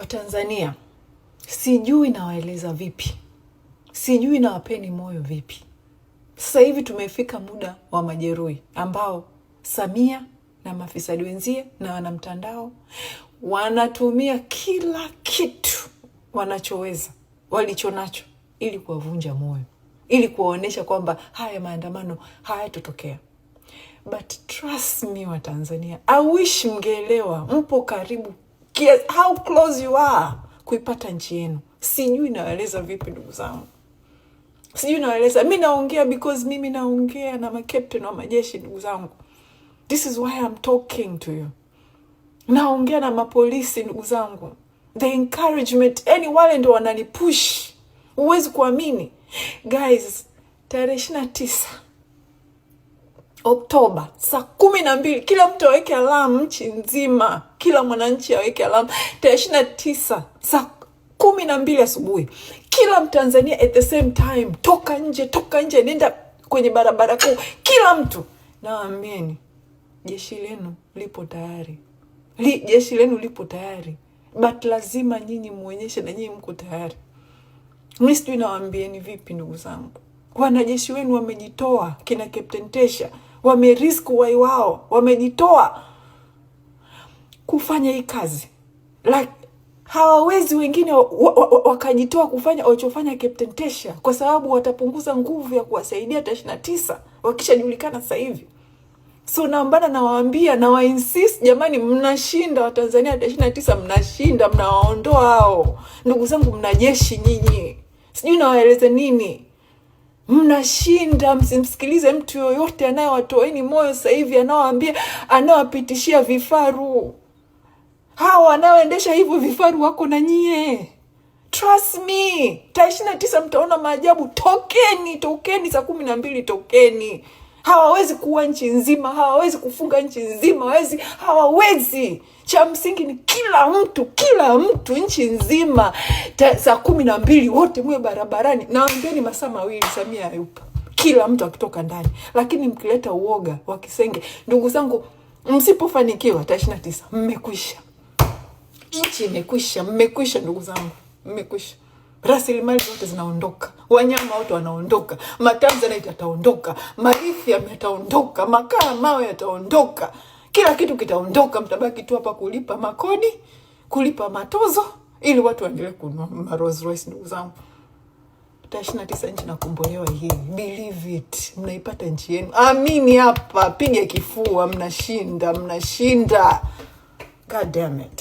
Watanzania, sijui nawaeleza vipi, sijui nawapeni moyo vipi. Sasa hivi tumefika muda wa majeruhi ambao Samia na mafisadi wenzie na wanamtandao wanatumia kila kitu wanachoweza walichonacho ili kuwavunja moyo, ili kuwaonyesha kwamba haya maandamano hayatotokea. But trust me Watanzania, I wish mngeelewa, mpo karibu kiasi, how close you are kuipata nchi yenu. Sijui nawaeleza vipi, ndugu zangu, sijui naeleza Mi naongea because mimi naongea na makapteni wa majeshi, ndugu zangu, this is why I'm talking to you. Naongea na mapolisi, ndugu zangu, the encouragement, yani wale ndo wananipush. Huwezi kuamini guys, tarehe ishirini na tisa Oktoba saa kumi na mbili, kila mtu aweke alamu nchi nzima, kila mwananchi aweke alamu. Tarehe ishirini na tisa saa kumi na mbili asubuhi, kila Mtanzania at the same time, toka nje, toka nje, nenda kwenye barabara kuu, kila mtu. Nawaambieni, jeshi lenu lipo tayari li, jeshi lenu lipo tayari, but lazima nyinyi mwonyeshe na nyinyi mko tayari. Mi sijui nawaambieni vipi, ndugu zangu, wanajeshi wenu wamejitoa, kina Captain Tesha wamerisk uwai wao, wamejitoa kufanya hii kazi like, hawawezi wengine wakajitoa kufanya walichofanya Captain Tesha, kwa sababu watapunguza nguvu ya kuwasaidia tarehe ishirini na tisa wakishajulikana sasa hivi. So nambana nawaambia, nawainsist jamani, mnashinda Watanzania ta ishirini na tisa mnashinda, mnawaondoa hao ndugu zangu, mna jeshi nyinyi, sijui nawaeleze nini mnashinda. Msimsikilize mtu yoyote anayewatoeni moyo sasa hivi, anawaambia anawapitishia vifaru. Hawa wanaoendesha hivyo vifaru wako na nyie. Trust me, tarehe ishirini na tisa mtaona maajabu. Tokeni, tokeni saa kumi na mbili, tokeni hawawezi kuwa nchi nzima, hawawezi kufunga nchi nzima, hawawezi, hawawezi. Cha msingi ni kila mtu, kila mtu, nchi nzima, saa kumi na mbili wote muwe barabarani. Nawambieni masaa mawili, Samia yupa kila mtu akitoka ndani. Lakini mkileta uoga wa kisenge, ndugu zangu, msipofanikiwa ta ishirini na tisa mmekwisha, nchi imekwisha, mmekwisha ndugu zangu, mmekwisha. Rasilimali zote zinaondoka wanyama wote wanaondoka, matanzanite ataondoka, marithiam yataondoka, makaa mawe yataondoka, kila kitu kitaondoka. Mtabaki tu hapa kulipa makodi, kulipa matozo, ili watu waendelee kununua ma Rolls Royce. Ndugu zangu, tarehe ishirini na tisa nchi nakombolewa hii, believe it, mnaipata nchi yenu. Amini hapa, piga kifua, mnashinda, mnashinda. God damn it.